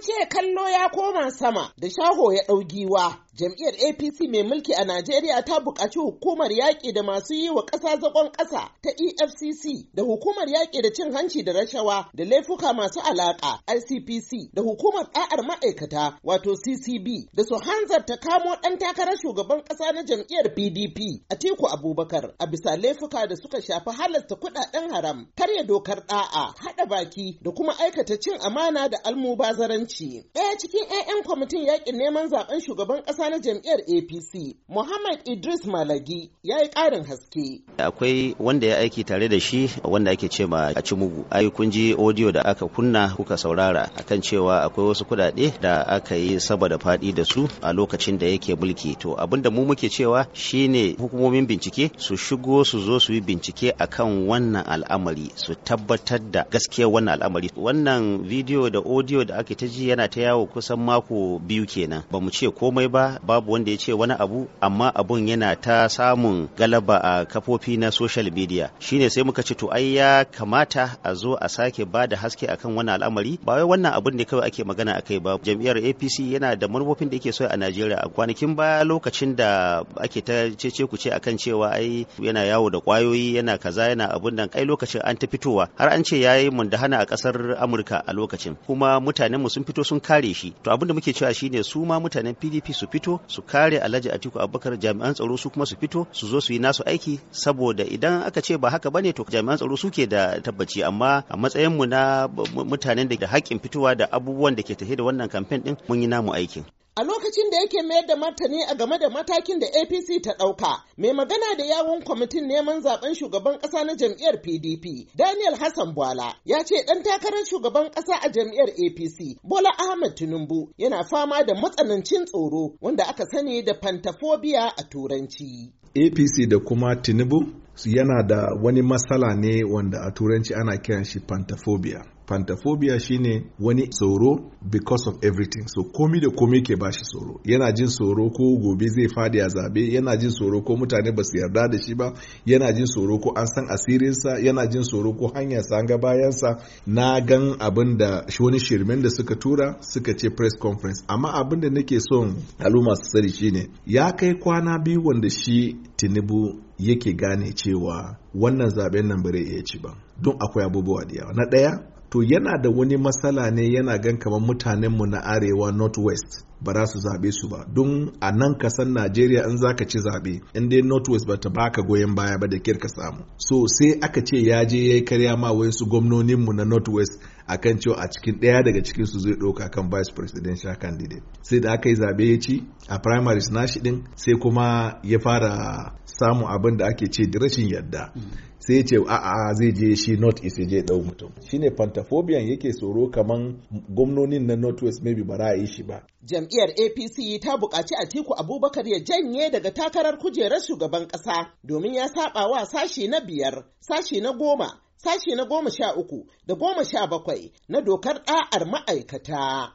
ce kallo ya koma sama da shaho ya ɗau giwa. Jam'iyyar APC mai mulki a Najeriya ta buƙaci hukumar yaƙi da masu yi wa ƙasa zagon ƙasa ta EFCC da hukumar yaƙi da cin hanci da rashawa da laifuka masu alaƙa ICPC da hukumar ɗa'ar ma'aikata wato CCB da su hanzarta kamo ɗan takarar shugaban ƙasa na jam'iyyar PDP a Tiku Abubakar a bisa laifuka da suka shafi halasta kuɗaɗen haram karya dokar ɗa'a haɗa baki da kuma aikata cin amana da almubazaranci. Ɗaya cikin 'ya'yan kwamitin yaƙin neman zaben shugaban ƙasa na jam'iyyar APC, Muhammad Idris Malagi ya yi ƙarin haske. Akwai wanda ya aiki tare da shi wanda ake ce ma a ci mugu. Ai kun ji audio da aka kunna kuka saurara akan cewa akwai wasu kuɗaɗe da aka yi saboda da faɗi da su a lokacin da yake mulki. To abin da mu muke cewa shine hukumomin bincike su shigo su zo su yi bincike akan wannan al'amari su tabbatar da gaskiya gaskiya wannan al'amari wannan bidiyo da audio da ake ta ji yana ta yawo kusan mako biyu kenan ba mu ce komai ba babu wanda ya ce wani abu amma abun yana ta samun galaba a kafofi na social media shine sai muka ce to ai ya kamata a zo a sake ba da haske akan wannan al'amari ba wai wannan abun ne kawai ake magana akai ba jam'iyyar APC yana da manufofin da yake so a Najeriya a kwanakin baya lokacin da ake ta cece ku ce akan cewa ai yana yawo da kwayoyi yana kaza yana abun nan kai lokacin an ta fitowa har an ce yayi da hana a kasar amurka a lokacin kuma mutanenmu sun fito sun kare shi to abinda muke cewa shine su ma mutanen pdp su fito su kare alhaji atiku abubakar jami'an tsaro su kuma su fito su zo su yi nasu aiki saboda idan aka ce ba haka bane to jami'an tsaro suke da tabbaci amma a matsayin mu na mutanen da haƙƙin fitowa da abubuwan da ke tafe da wannan kamfen din mun yi namu aikin A lokacin da yake mayar da martani a game da matakin da APC ta ɗauka, mai magana da yawun kwamitin neman zaben shugaban ƙasa na jam'iyyar PDP, Daniel Hassan Bwala, ya ce ɗan takarar shugaban ƙasa a jam'iyyar APC, Bola Ahmed Tinubu, yana fama da matsanancin tsoro wanda aka sani da pantafobia a Turanci. APC da kuma Tinubu yana da wani matsala ne wanda a Turanci ana kiran shi pantafobia pantophobia shine wani tsoro because of everything so komi da komi ke bashi tsoro yana jin tsoro ko gobe zai fadi a zabe yana jin tsoro ko mutane ba su yarda da shi ba yana jin tsoro ko an san asirinsa yana jin tsoro ko hanyar an ga bayansa na gan abin da wani shirmen da suka tura suka ce press conference amma abin da nake son al'umma su sani shine ya kai kwana biyu wanda shi tinubu yake gane cewa wannan zaben nan bare iya ci ba don akwai abubuwa da yawa na ɗaya to yana da wani matsala ne yana gan kamar mutanenmu na arewa northwest ba za su zaɓe su ba don a nan kasan najeriya in zaka ci zaɓe in dai northwest ba ta baka goyon baya ba da kirka samu so sai aka ce ya je ya yi karya ma gwamnonin gwamnoninmu na northwest akan cewa a cikin ɗaya daga cikin su zai ɗauka kan vice presidential candidate sai da aka yi zaɓe ya ci a primaries shi ɗin sai kuma ya fara samun abin da ake ce rashin yadda sai ya ce a'a zai je shi north east je dau mutum shine pantaphobian yake tsoro kaman gwamnonin na north west maybe ba ra'ayi shi ba jam'iyyar apc ta buƙaci atiku abubakar ya janye daga takarar kujerar shugaban ƙasa domin ya saba wa sashi na biyar sashi na goma sashi na goma sha uku da goma sha bakwai na dokar ɗa'ar ma'aikata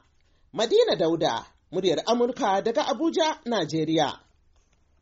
madina dauda muryar amurka daga abuja najeriya